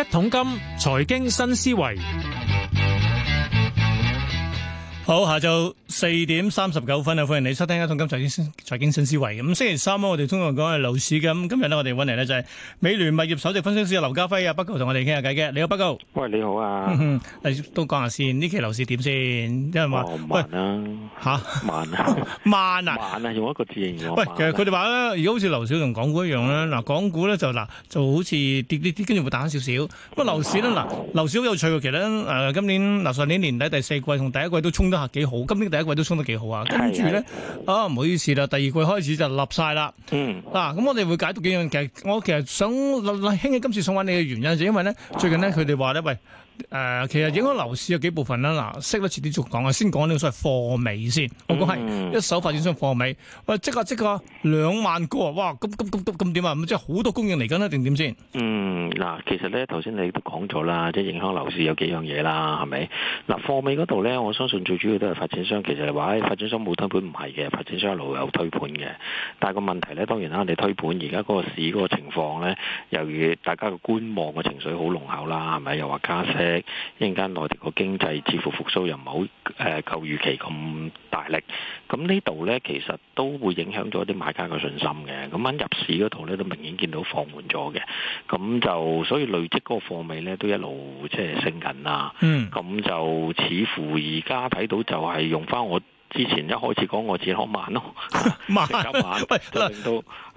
一桶金，財經新思維。好，下晝四點三十九分啊！歡迎你收聽一《一桶金財經新財經新思維》咁、嗯。星期三我哋通常講係樓市咁，今日咧我哋揾嚟呢就係美聯物業首席分析師劉嘉輝啊，北高同我哋傾下偈嘅。你好，北高。喂，你好啊。 都講下先，呢期樓市點先？因為話喂啊，吓慢啊，慢啊，慢啊，用一個字形容。啊、喂，其實佢哋話咧，如果好似樓市同港股一樣咧，嗱，港股咧就嗱，就好似跌跌跌，跟住會打少少。咁啊，樓市咧嗱，樓市好有趣嘅，其實誒，今年嗱上年年底第四季同第一季都衝得。啊，幾好！今年第一季都衝得幾好 啊，跟住咧，啊，唔好意思啦，第二季開始就立晒啦。嗯，嗱， 咁、啊、我哋會解讀幾樣，其實我其實想，嗱， 興起今次揾返你嘅原因就因為咧，最近咧佢哋話咧，喂。誒、呃，其實影響樓市有幾部分啦。嗱，識得遲啲再講啊，先講呢個所謂貨尾先。我講係一手發展商貨尾，我即下即下兩萬個啊！哇，咁咁咁咁點啊？咁即係好多供應嚟緊啊？定點先？嗯，嗱、嗯，其實咧頭先你都講咗啦，即係影響樓市有幾樣嘢啦，係咪？嗱、嗯，貨尾嗰度咧，我相信最主要都係發展商，其實話咧發展商冇推盤唔係嘅，發展商一路有推盤嘅。但係個問題咧，當然啦，你推盤而家嗰個市嗰個情況咧，由於大家嘅觀望嘅情緒好濃厚啦，係咪？又話加息。誒，一陣間內地個經濟似乎復甦又唔係好，誒夠預期咁大力，咁呢度咧其實都會影響咗啲買家個信心嘅，咁喺入市嗰度咧都明顯見到放緩咗嘅，咁就所以累積嗰個貨尾咧都一路即係、呃、升緊啦，咁就似乎而家睇到就係用翻我之前一開始講我自可慢咯，慢就令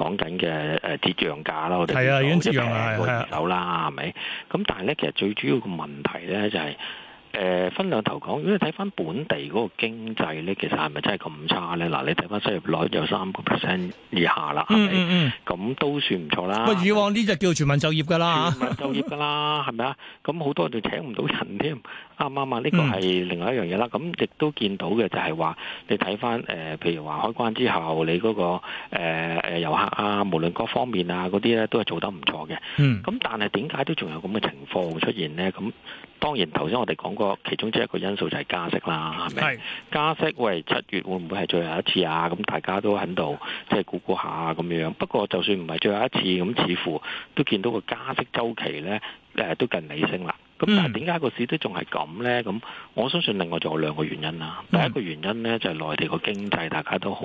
講緊嘅誒跌漲價啦，我哋講的一平個二手啦，係咪？咁但係咧，其實最主要個問題咧就係、是、誒、呃、分兩頭講，如果你睇翻本地嗰個經濟咧，其實係咪真係咁差咧？嗱，你睇翻失業率有三個 percent 以下啦，咁、嗯嗯嗯、都算唔錯啦。不過以往呢就叫全民就業㗎啦，的全民就業㗎啦，係咪啊？咁好多就請唔到人添。啱啱啊！呢個係另外一樣嘢啦。咁亦都見到嘅就係話，你睇翻誒，譬如話開關之後，你嗰、那個誒誒、呃呃、遊客啊，無論各方面啊嗰啲咧，都係做得唔錯嘅。咁、嗯、但係點解都仲有咁嘅情況出現呢？咁當然頭先我哋講過，其中之一個因素就係加息啦，係咪是？加息，喂，七月會唔會係最後一次啊？咁大家都喺度即係估估下咁樣。不過就算唔係最後一次，咁似乎都見到個加息周期咧誒、呃、都近尾聲啦。咁、嗯、但係點解個市都仲係咁咧？咁我相信另外仲有兩個原因啦。第一個原因咧就係、是、內地個經濟大家都好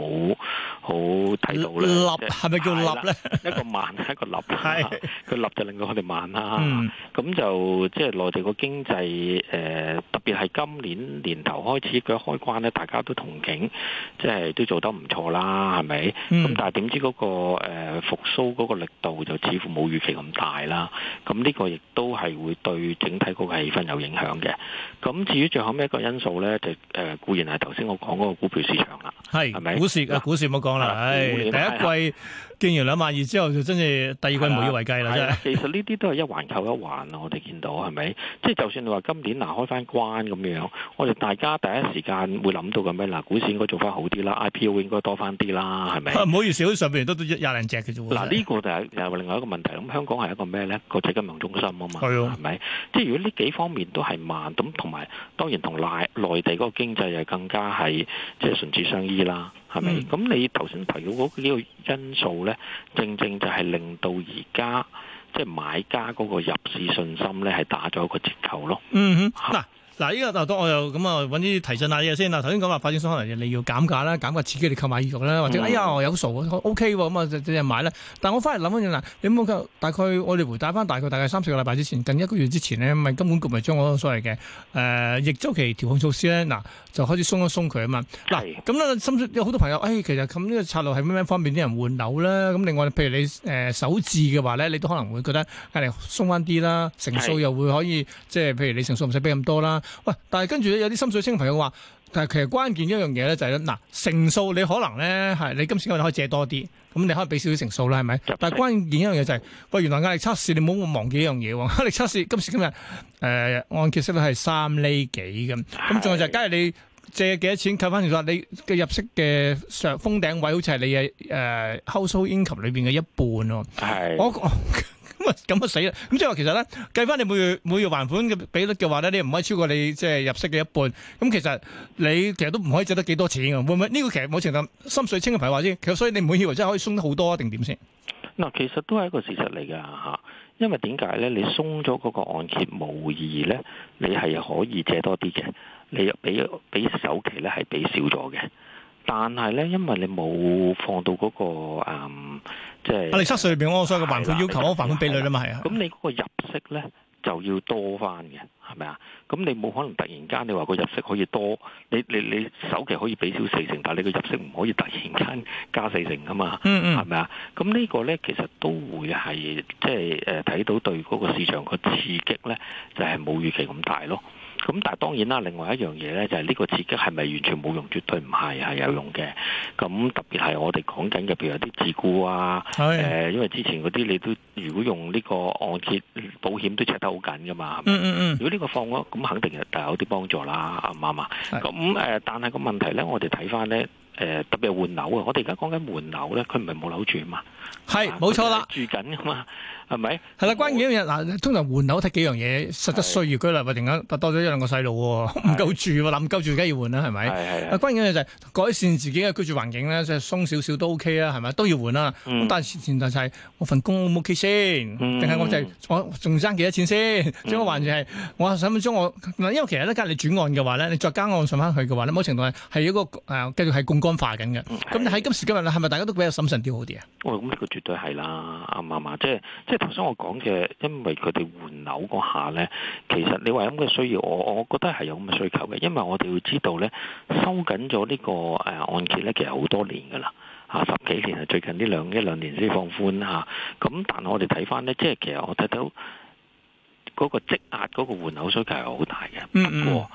好睇到咧，立咪、就是、立叫咧？ 一個慢一個立，係 個立， 立就令到我哋慢啦。咁、嗯、就即係、就是、內地個經濟誒、呃，特別係今年年頭開始佢開關咧，大家都憧憬，即、就、係、是、都做得唔錯啦，係咪？咁、嗯、但係點知嗰、那個誒、呃、復甦嗰個力度就似乎冇預期咁大啦。咁呢個亦都係會對整。喺個氣氛有影響嘅，咁至於最後咩一個因素咧？就誒、呃、固然係頭先我講嗰個股票市場啦，係係咪？股市啊，股市唔好講啦，係是年第一季。見完兩萬二之後就真係第二季無以為繼啦、啊真係啊，其實呢啲都係一環扣一環啊！我哋見到係咪？即係、就是、就算你話今年嗱開翻關咁樣，我哋大家第一時間會諗到咁咩？嗱，股市應該做翻好啲啦，IPO 應該多翻啲啦，係咪？唔、啊、好意思，上邊都都一廿零隻嘅啫。嗱、呢、這個就係又另外一個問題。咁香港係一個咩咧？國際金融中心啊嘛，係咪？即、就、係、是、如果呢幾方面都係慢，咁同埋當然同內內地嗰個經濟又更加係即係唇齒相依啦。係咪？咁你頭先提到嗰幾個因素咧，正正就係令到而家即係買家嗰個入市信心咧，係打咗一個折扣咯。嗯哼，嗱。嗱，呢家嗱，當我又咁啊揾啲提振下嘢先啦。頭先講話發展商可能你要減價啦，減價刺激你購買意欲啦，或者的哎呀我有傻，O K 喎，咁啊即即買咧。但我翻嚟諗翻轉嗱，你冇計大概我哋回帶翻大概大概三四個禮拜之前，近一個月之前呢，咪金管局咪將我所謂嘅誒逆周期調控措施咧，嗱就開始鬆一鬆佢啊嘛。嗱咁咧，甚至、嗯、有好多朋友誒、哎，其實咁呢、這個策略係咩咩方便啲人換樓咧？咁另外譬如你誒首置嘅話咧，你都可能會覺得係鬆翻啲啦，成數又會可以即係譬如你成數唔使俾咁多啦。喂，但係跟住咧有啲心水清朋友話，但係其實關鍵一樣嘢咧就係、是、咧，嗱、呃、成數你可能咧係你今時今日可以借多啲，咁你可以俾少少成數啦，係咪？四但係關鍵一樣嘢就係、是，喂原來壓力測試你唔好忘記一樣嘢喎，壓力測試今時今日誒、呃、按揭息率係三厘幾咁，咁仲唉有就係、是、假如你借幾多錢，扣翻嚟話你嘅入息嘅上封頂位好似係你嘅誒、呃、household income 裏邊嘅一半喎。哦唉哦哦。咁啊，咁啊死啦！咁即係話其實咧，計翻你每月每月還款嘅比率嘅話咧，你唔可以超過你即係入息嘅一半。咁其實你其實都唔可以借得幾多錢嘅，會唔會呢、這個其實冇情咁心水清嘅朋友話先。其實所以你唔會以為真係可以鬆得好多啊，定點先？嗱，其實都係一個事實嚟噶吓，因為點解咧？你鬆咗嗰個按揭，無疑咧，你係可以借多啲嘅。你又俾俾首期咧，係俾少咗嘅。但係咧，因為你冇放到嗰、那個、嗯、即係啊，你稅稅裏邊，我所以個還款要求，我還款比率啊嘛，係啊。咁你嗰個入息咧就要多翻嘅，係咪啊？咁你冇可能突然間你話個入息可以多，你你你首期可以俾少四成，但係你個入息唔可以突然間加四成噶嘛。嗯嗯，係咪啊？咁呢個咧其實都會係即係誒睇到對嗰個市場個刺激咧，就係、是、冇預期咁大咯。咁但係當然啦，另外一樣嘢咧就係、是、呢個刺激係咪完全冇用？絕對唔係，係有用嘅。咁特別係我哋講緊嘅，譬如有啲自僱啊，誒、 呃，因為之前嗰啲你都如果用呢個按揭保險都切得好緊㗎嘛。嗯嗯嗯。 如果呢個放咗，咁肯定係有啲幫助啦，啱唔啱啊？咁誒、呃，但係個問題咧，我哋睇翻咧。誒、呃，特別係換樓啊！我哋而家講緊換樓咧，佢唔係冇樓住嘛？係，冇錯啦，住緊噶嘛？係咪？係啦，關鍵咧，嗱，通常換樓睇幾樣嘢，實質需要居啦，或突然間多咗一兩個細路喎，唔 夠住喎，諗夠住而家要換啦，係咪？係係的。關鍵嘅就係改善自己嘅居住環境咧，就係鬆少少都 OK 啦，係咪？都要換啦。嗯、但係前提就係、是、我份工 OK 先，定係我就是、我仲爭幾多錢先？即係個環係我想唔想我因為其實咧，隔你轉按嘅話咧，你再加按上翻去嘅話咧，某程度係一個誒、呃，繼續係供。干化緊嘅，咁、嗯、喺今時今日咧，係咪大家都比較審慎啲好啲啊？喂、哎，咁呢個絕對係啦，啱唔啱啊？即係即係頭先我講嘅，因為佢哋換樓嗰下咧，其實你話有咁嘅需要，我我覺得係有咁嘅需求嘅，因為我哋要知道咧，收緊咗呢個誒按揭咧，其實好多年噶啦，嚇十幾年，係最近呢兩一兩年先放寬嚇。咁但係我哋睇翻咧，即係其實我睇到嗰個積壓嗰個換樓需求係好大嘅、嗯。嗯不、哦、過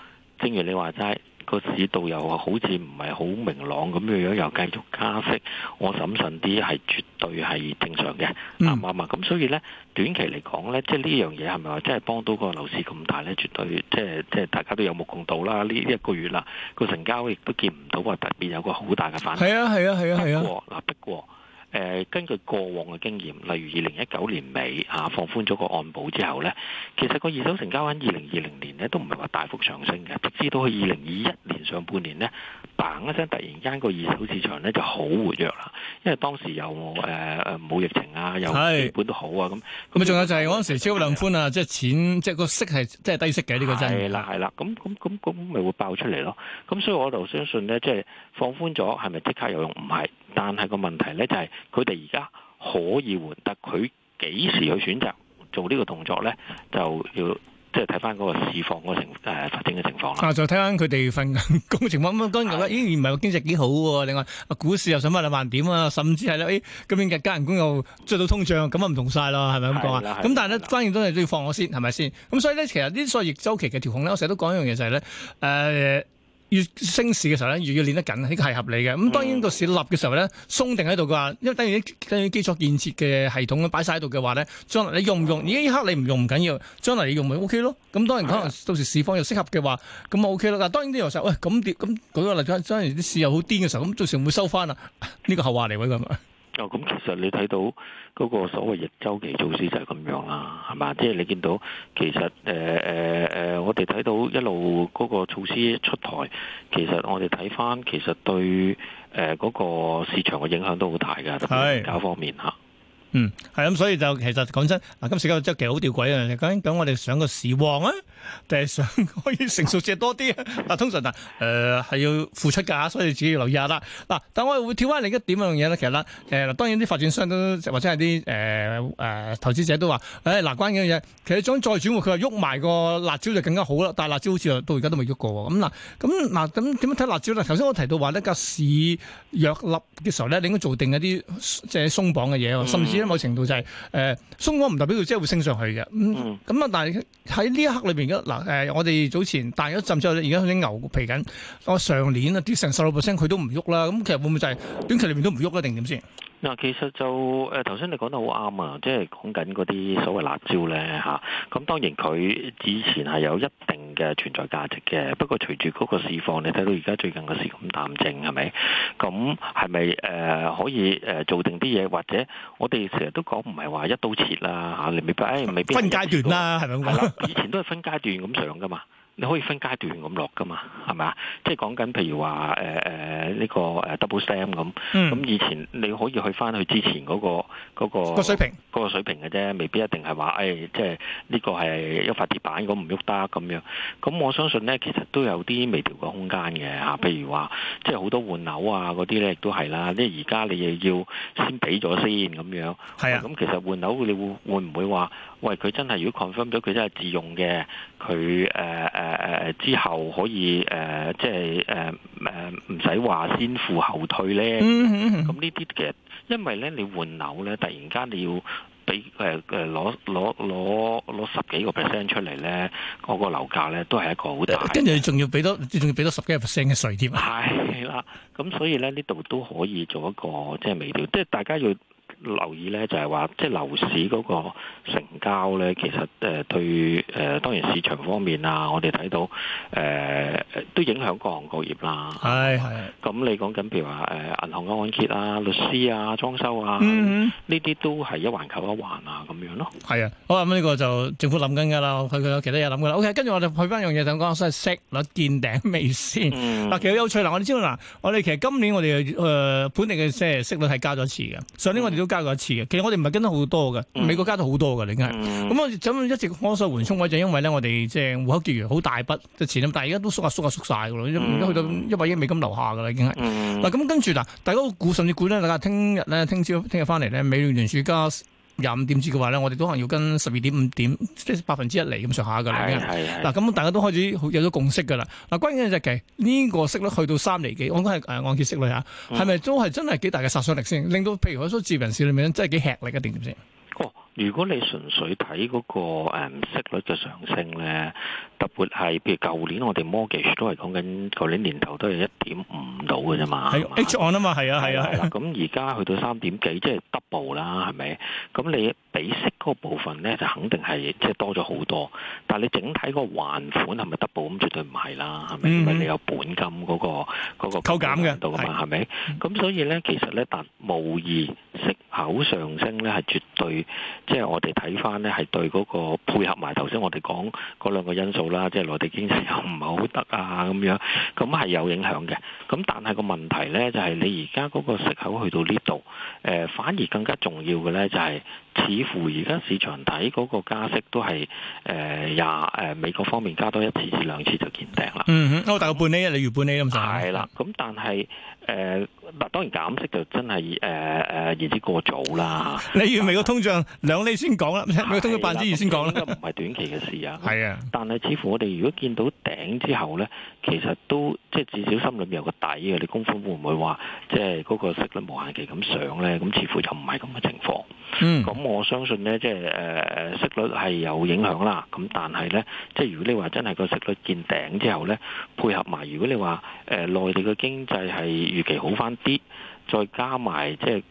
正如你話齋。個市道又好似唔係好明朗咁嘅樣，又繼續加息，我審慎啲係絕對係正常嘅，啱唔啱？咁、嗯、所以呢，短期嚟講呢，即係呢樣嘢係咪話真係幫到個樓市咁大呢？絕對即係即係大家都有目共睹啦。呢一個月啦，個成交亦都見唔到話特別有個好大嘅反應。係啊係啊係啊係啊，嗱、啊，不、啊啊啊、過。誒根據過往嘅經驗，例如二零一九年尾啊，放寬咗個按保之後呢，其實個二手成交喺二零二零年咧都唔係話大幅上升嘅，直至到二零二一年上半年呢，嘭一聲突然間個二手市場呢就好活躍啦，因為當時有誒誒冇疫情啊，又基本都好啊咁。咁仲有就係嗰陣時超量寬啊，即係錢，即係個息係即係低息嘅呢個真係啦，係啦，咁咁咁咁咪會爆出嚟咯。咁所以我就相信呢，即係放寬咗係咪即刻有用？唔係。但係個問題咧就係，佢哋而家可以換，得佢幾時去選擇做呢個動作咧，就要即係睇翻嗰個市況嗰個情誒發展嘅情況啦。啊，再睇翻佢哋份工嘅情況咁當然啦，咦唔係話經濟幾好喎？另外股市又想翻兩萬點啊，甚至係咧，哎今年嘅加人工又追到通脹，咁啊唔同晒啦，係咪咁講啊？咁、嗯、但係咧的關鍵都係都要放我先，係咪先？咁、嗯、所以咧，其實呢啲所謂逆周期嘅調控咧，我成日都講一樣嘢就係、是、咧，誒、呃。呃越升市嘅時候咧，越要練得緊，呢個係合理嘅。咁當然個市立嘅時候咧，鬆定喺度嘅話，因為等於等於基礎建設嘅系統擺晒喺度嘅話咧，將來你用唔用？而家一刻你唔用唔緊要，將來你用咪 O K 咯。咁當然可能到時市況又適合嘅話，咁咪 O K 咯。嗱，當然啲由實喂，咁咁舉個例，將來啲市又好癲嘅時候，咁、欸那個、到時會,會收翻啊？呢、呢個後話嚟喎 咁、哦嗯、其實你睇到嗰個所謂逆周期措施就係咁樣啦，係嘛？即係你見到其實誒誒誒，我哋睇到一路嗰個措施出台，其實我哋睇返其實對誒嗰、呃嗰個市場嘅影響都好大㗎，特別係交方面嚇。嗯，係咁，所以就其實講真，嗱，今市交即係其實好吊詭啊！咁咁，我哋想個市旺啊，定係想可以成熟住多啲啊？嗱，通常嗱，誒、呃、係要付出噶，所以自己要留意下啦。嗱，但我哋會跳翻另一點嘅樣嘢咧，其實咧，誒，嗱，當然啲發展商都或者係啲誒誒投資者都話，誒、哎、嗱、呃，關緊樣嘢，其實想再轉換，佢話喐埋個辣招就更加好啦。但係辣招好似到而家都未喐過喎。咁、嗯、嗱，咁、呃、嗱，咁點、呃、樣睇辣招咧？頭先我提到話呢，個市弱粒嘅時候咧，你應該做定一啲即係鬆綁嘅嘢，甚至、嗯。某程度就係誒鬆光唔代表佢即係會升上去嘅咁咁啊！但係喺呢一刻裏邊嗱誒，我哋早前大一浸之後，而家啲牛皮緊，我、啊、上年啊跌成十六 percent 佢都唔喐啦。咁其實會唔會就係短期裏面都唔喐咧？定點先？嗱，其實就誒頭先你講得好啱啊！即係講緊嗰啲所謂辣招咧嚇，咁、啊嗯、當然佢之前係有一定。嘅存在價值嘅，不過隨住嗰個釋放，你睇到而家最近個市咁淡靜係咪？咁係咪誒可以誒做定啲嘢？或者我哋成日都講唔係話一刀切啦吓，你未必，未必分階段啦，係咪？係啦，以前都係分階段咁上㗎嘛。你可以分階段咁落㗎嘛，係咪啊？即係講緊譬如話誒誒呢個誒、呃、double stamp 咁，咁、嗯、以前你可以去翻去之前嗰、嗰個嗰、嗯嗰個、水平，個水平嘅啫，未必一定係話誒，即係呢個係一塊鐵板咁唔喐得咁樣。咁我相信咧，其實都有啲微調嘅空間嘅吓，啊、譬如話即係好多換樓啊嗰啲咧，亦都係啦。即係而家你又要先俾咗先咁樣，係啊。咁、嗯、其實換樓你會會唔會話？喂，佢真係如果 confirm 咗，佢真係自用嘅，佢誒誒誒之後可以誒，即係誒誒唔使話先付後退咧。咁呢啲其實，因為咧你換樓咧，突然間你要俾誒誒攞攞攞攞十幾個 percent 出嚟咧，嗰個樓價咧都係一個好大。跟住仲要俾多，仲要俾多十幾 percent 嘅稅添。係啦，咁所以咧呢度都可以做一個即係微調，即係大家要。留意咧，就係話即係樓市嗰個成交咧，其實誒對誒，當然市場方面啊，我哋睇到誒、呃、都影響各行各業啦。係係唉。咁你講緊譬如話誒、呃、銀行、按揭啊、律師啊、裝修啊，呢啲、嗯嗯、都係一環扣一環啊，咁樣咯。係啊，好啊，咁、嗯、呢、呢個就政府諗緊㗎啦，佢佢有其他嘢諗㗎啦。OK，跟住我哋去翻樣嘢，想講即係息率見頂未先？嗱、嗯，嗯、其實有趣嗱，我哋知道嗱，我哋其實今年我哋誒本地嘅即係息率係加咗一次嘅，上年我哋都，加過一次嘅，其實我哋唔係跟得好多嘅，美國加咗好多嘅啦，已經係。咁我怎樣一直安守緩衝位，就因為咧我哋即係戶口結餘好大筆嘅錢啦，但係而家都縮下縮下縮晒嘅咯，而家去到一百億美金留下嘅啦，已經係。嗱咁跟住嗱，大家估，甚至估咧，大家聽日咧，聽朝聽日翻嚟咧，美聯儲加廿五點子嘅話咧，我哋都可能要跟十二點五點，即係百分之一嚟咁上下㗎喇。嗱、就是，咁大家都開始有咗共識㗎喇。嗱，關鍵就係呢個息率去到三厘幾，我應該係誒按揭息率嚇，係、啊、咪都係真係幾大嘅殺傷力先？令到譬如嗰啲置業人士裏面真係幾吃力嘅，定點先？如果你純粹睇嗰個、嗯、息率嘅上升咧，特別係譬如舊年我哋 mortgage 都係講緊舊年年頭都係一點五度嘅啫嘛，H 按啊嘛，係啊係啊係啦，咁而家去到三點幾，即係 double 啦，係咪？咁你。比息嗰部分咧，就肯定係即係多咗好多。但係你整體個還款係咪得保？咁絕對唔係啦，係咪？因為你有本金嗰個扣減嘅度啊嘛，係咪？咁所以咧，其實咧，但無疑息口上升咧，係絕對即係我哋睇翻咧，係對嗰個配合埋頭先，我哋講嗰兩個因素啦，即係內地經濟又唔係好得啊咁樣，咁係有影響嘅。咁但係個問題咧，就係你而家嗰個息口去到呢度，誒反而更加重要嘅咧，就係。似乎而家市場睇嗰個加息都係誒廿誒美國方面加多一次至兩次就見頂啦、嗯。嗯哼，我、哦、大概半厘，你預半厘咁就係啦。咁但係誒，嗱、呃、當然減息就真係誒誒，言、呃、之過早啦。你預美國通脹兩厘先講啦，美國、啊、但通脹百分之二先講啦，唔係、嗯、短期嘅事啊。係啊的，但係似乎我哋如果見到頂之後咧，其實都即係至少心裏面有個底嘅。你供款會唔會話即係嗰個息率無限期咁上咧？咁似乎就唔係咁嘅情況。嗯，咁我相信呢，即係誒息率係有影響啦。咁但係呢，即係如果你話真係個息率見頂之後呢，配合埋如果你話誒內地嘅經濟係預期好返啲，再加埋即係。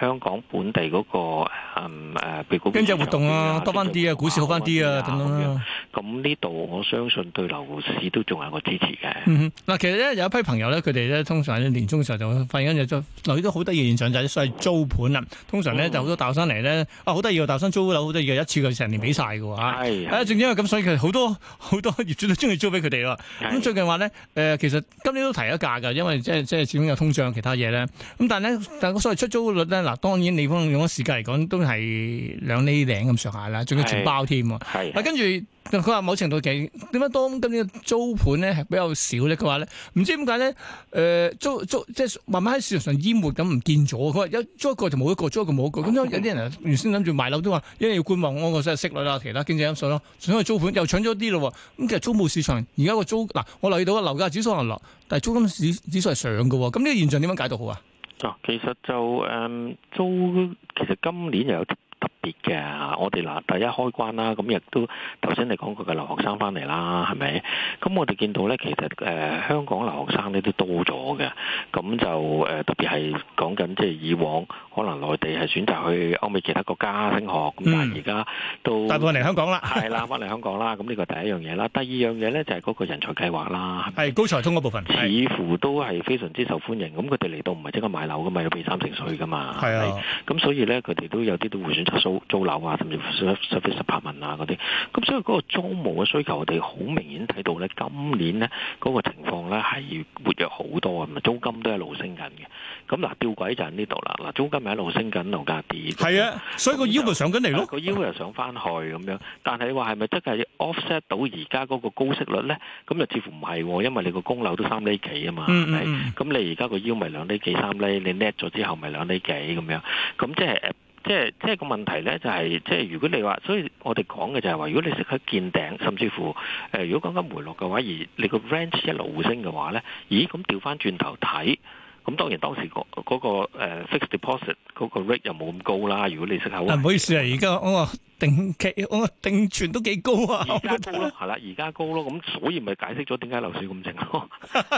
香港本地嗰、那個誒誒，經濟活動啊，多翻啲啊，啊股市好翻啲啊，咁樣、啊。咁呢度我相信對樓市都仲有一個支持嘅。嗱、嗯，其實咧有一批朋友咧，佢哋咧，通常喺年終嘅時候就發現，就留意到好得意現象就係所謂租盤啊。通常咧、嗯、就好多大學生嚟咧，啊好得意啊，大學生租樓好得意啊，一次過成年俾晒嘅喎嚇。係、嗯。啊、是正因為咁，所以其實好多好多業主都中意租俾佢哋啊。咁是最近話咧，誒、呃，其實今年都提咗價㗎，因為即係即係始終有通脹其他嘢咧。咁但係咧，但係所謂出租率咧。嗱，當然，你方用個時間嚟講，都係兩厘零咁上下啦，仲要全包添。係，嗱、啊、跟住佢話某程度幾，點解當今年租盤咧係比較少咧，佢話咧，唔知點解咧？誒、呃、租租即係慢慢喺市場上淹沒咁唔見咗。佢話一租一個就冇一個，租一個冇一個。咁有啲人原先諗住賣樓都話，因為要觀望，我個即係息率啦，其他經濟因素咯，所以租盤又搶咗啲咯。咁其實租務市場而家個租嗱、啊，我留意到個樓價指數係落，但係租金指指數係上嘅。咁呢個現象點樣解讀好啊？啊、哦，其實就，就、嗯、誒租，其實，今年又有啲。嘅，嗯、我哋嗱第一開關啦，咁亦都頭先你講佢嘅留學生翻嚟啦，係咪？咁我哋見到咧，其實誒香港留學生呢都多咗嘅，咁就誒特別係講緊即係以往可能內地係選擇去歐美其他國家升學，咁但係而家都大部分嚟香港啦，係啦，翻嚟香港啦，咁呢個第一樣嘢啦。第二樣嘢咧就係嗰個人才計劃啦，係高才通嗰部分，似乎都係非常之受歡迎。咁佢哋嚟到唔係即刻買樓噶嘛，要俾三成稅噶嘛，係啊。咁所以咧，佢哋都有啲都會選擇租樓啊，甚至 service apartment 啊嗰啲，咁所以嗰個租務嘅需求，我哋好明顯睇到咧，今年咧嗰、嗰個情況咧係活躍好多啊，咁租金都一路升緊嘅。咁嗱，吊詭就喺呢度啦。嗱，租金咪一路升緊，樓價跌。係啊，嗯、所以個腰就上緊嚟咯，啊那個腰又上翻去咁樣。但係話係咪真係 offset 到而家嗰個高息率咧？咁又似乎唔係、啊，因為你個供樓都三厘幾啊嘛。嗯咁、嗯、你而家個腰咪兩厘幾三厘，你叻咗之後咪兩厘幾咁樣。咁即係。即係，即係個問題咧，就係、是、即係如果你話，所以我哋講嘅就係話，如果你識得見頂，甚至乎誒、呃，如果講緊回落嘅話，而你個 range 一路升嘅話咧，咦？咁調翻轉頭睇。咁當然當時嗰嗰、嗰個誒 uh, fixed deposit 嗰個 rate 又冇咁高啦，如果你識下。嗱，唔好意思啊，而家我個定期我個定存都幾高啊。而家高咯，係啦，而家高咯，咁所以咪解釋咗點解樓市咁靜咯。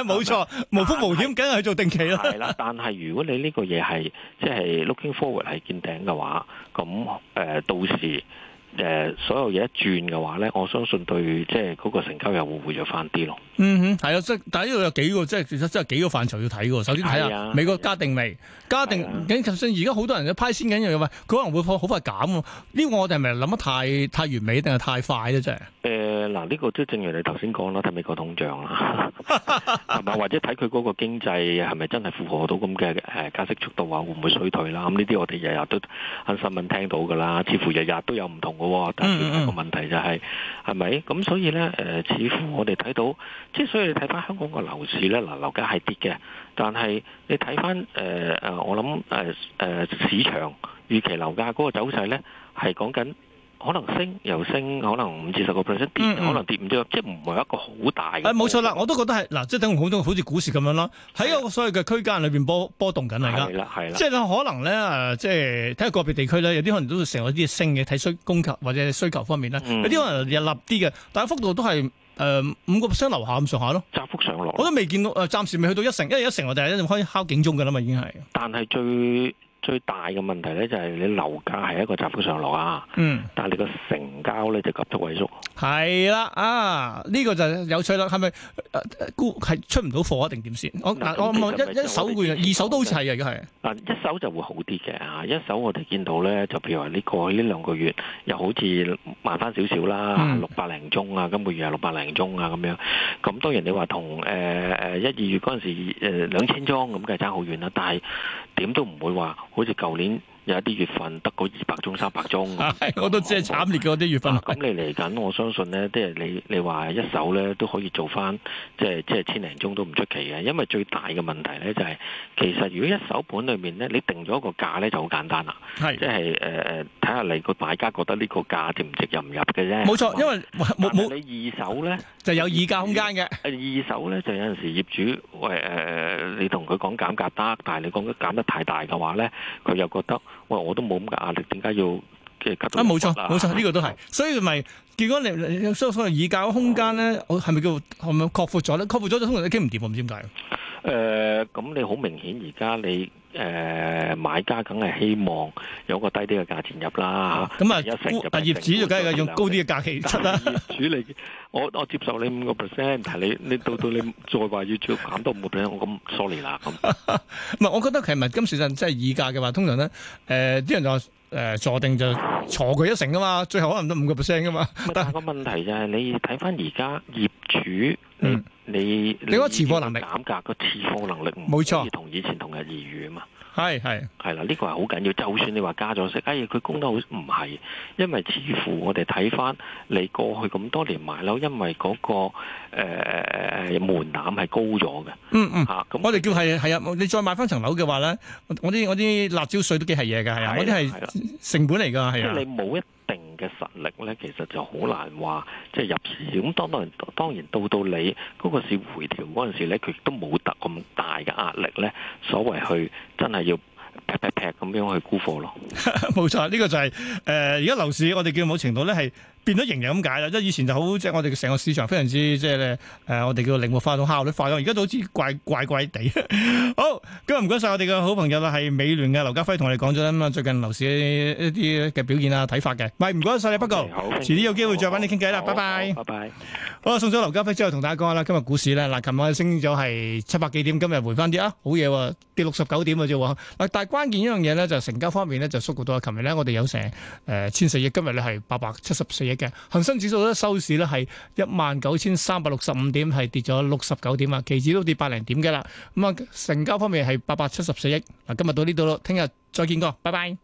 冇 錯， 是無風無險梗係做定期啦。係啦，但係如果你呢個嘢係即係 looking forward 係見頂嘅話，咁誒到時誒、呃、所有嘢一轉嘅話咧，我相信對即係嗰個成交又會回咗翻啲咯。嗯哼，係啊，即係但係呢度有幾個，即係其實真係幾個範疇要睇嘅。首先睇下美國加定未，加、啊啊、定緊，就算而家好多人嘅派先緊，又話佢可能會好快減喎。呢、這個我哋係咪諗得太太完美定係太快咧？真係誒嗱，呢、這個即係正如你頭先講啦，睇美國通脹啦，係 或者睇佢嗰個經濟係咪真係符合到咁嘅誒加息速度啊？會唔會衰退啦？咁呢啲我哋日日都喺新聞聽到㗎啦，似乎日日都有唔同嘅。但係個問題就係係咪咁？嗯嗯嗯嗯所以咧誒、呃，似乎我哋睇到。即係所以你睇翻香港個樓市咧，嗱樓價係跌嘅，但係你睇翻誒誒，我諗誒誒市場預期樓價嗰個走勢咧，係講緊可能升又升，可能五至十個 percent 跌，嗯、可能跌五至即係唔係一個好大嘅，啊、冇錯啦，我都覺得係嗱，即係等同好多好似股市咁樣啦，喺個所有嘅區間裏邊波波動緊嚟㗎，係啦係啦，即係可能咧誒，即係睇下個別地區咧，有啲可能都會成咗啲升嘅，睇需供求或者需求方面咧，嗯、有啲可能日立啲嘅，但係幅度都係。誒五個箱樓下咁上下咯，窄幅上落。我都未見到誒、呃，暫時未去到一成，因為一成，我哋係一陣開始敲警鐘嘅啦嘛，已經係。但係最最大嘅問題咧，就係你樓價係一個窄幅上落啊，嗯，但係你個成交咧就急速萎縮。係啦、啊，啊，呢、這個就有趣啦，係咪、呃？估係出唔到貨定點先？我嗱，我望一我一手換二手都滯啊，而家係。嗱，一手就會好啲嘅吓，一手我哋見到咧，就譬如話呢、這個呢兩個月又好似慢翻少少啦，六百零宗啊，嗯、今個月又六百零宗啊咁樣。咁當然你話同誒誒一二月嗰陣時誒兩千宗咁，梗係爭好遠啦。但係點都唔會話。好似舊年，有一啲月份得嗰二百宗、三百宗，我都知係慘烈嗰啲月份。咁 你嚟緊，我相信呢，即係你你話一手呢都可以做翻，即係即係千零宗都唔出奇嘅。因為最大嘅問題呢，就係、是、其實如果一手盤裏面呢，你定咗一個價呢就好簡單啦。是即係誒睇下你個買家覺得呢個價值唔值入唔入嘅啫。冇錯，者因為冇冇你二手呢就有議價空間嘅。二手呢就有陣時業主、呃、你同佢講減價得，但係你講得減得太大嘅話呢，佢又覺得。喂，我都冇咁嘅壓力，點解要即係急到咁啊？冇錯，冇錯，呢、這個都係，所以咪、就是、結果你所所謂議價空間咧，我係咪叫係咪擴闊咗咧？擴闊咗就通常你傾唔掂我唔知點解啊？咁、呃、你好明顯而家你。誒、呃，買家梗係希望有個低啲嘅價錢入啦咁啊，業主就梗係用高啲嘅價錢出啦。業主嚟， 我我接受你五個 percent，但係你你到到你再話要再減多五 percent，我咁 sorry 啦。唔係、 啊，我覺得其實今時真即係議價嘅話，通常咧，誒、呃，啲人就話，誒、呃，坐定就坐佢一成噶嘛，最後可能都五個 percent 噶嘛。但係個問題就係、是、你睇翻而家業主嗯。嗯你你嗰個持貨能力，減價個持貨能力冇錯，同以前同日而語啊嘛，係係係啦。呢、這個係好緊要。就算你話加咗息，哎，佢供得好唔係，因為似乎我哋睇翻你過去咁多年買樓，因為嗰、那個誒、呃、門檻係高咗嘅、嗯。嗯、啊、嗯，嚇。咁，我哋叫係係啊，你再買翻層樓嘅話咧，我啲我啲辣椒稅都幾係嘢嘅，係啊，啲係成本嚟㗎，係啊。你冇啊。定嘅實力咧，其實就好難話即係入市咁。當然當然當然到到你嗰、那個市回調嗰陣時咧，佢亦都冇得咁大嘅壓力咧，所謂去真係要劈劈劈咁樣去沽貨咯。冇 錯，呢、呢個就係誒而家樓市，我哋叫某程度咧係。變咗型就咁解啦，即係以前就好，即係我哋成個市場非常之即係咧，誒，我哋叫靈活化到，效率化咯。而家就好似怪，怪怪怪地。 好，今日唔該晒我哋嘅好朋友啦，係美聯嘅劉嘉輝同我哋講咗啦。咁啊，最近樓市一啲嘅表現啊，睇法嘅。唔係，唔該晒你，不過，好，遲啲有機會再揾你傾偈啦。拜拜，拜拜。好，送咗劉嘉輝之後，同大家講下啦，今日股市咧，嗱，琴晚升咗係七百幾點，今日回翻啲啊，好嘢喎，跌六十九點嘅啫。嗱，但係關鍵一樣嘢咧，就成交方面咧就縮好多。琴日咧我哋有成誒千四億，今日咧係八百七十四。嘅，恒生指數咧收市咧係一萬九千三百六十五點，係跌咗六十九點啊，期指都跌百零點嘅啦。咁啊，成交方面係八百七十四億。嗱，今日到呢度咯，聽日再見過，拜拜。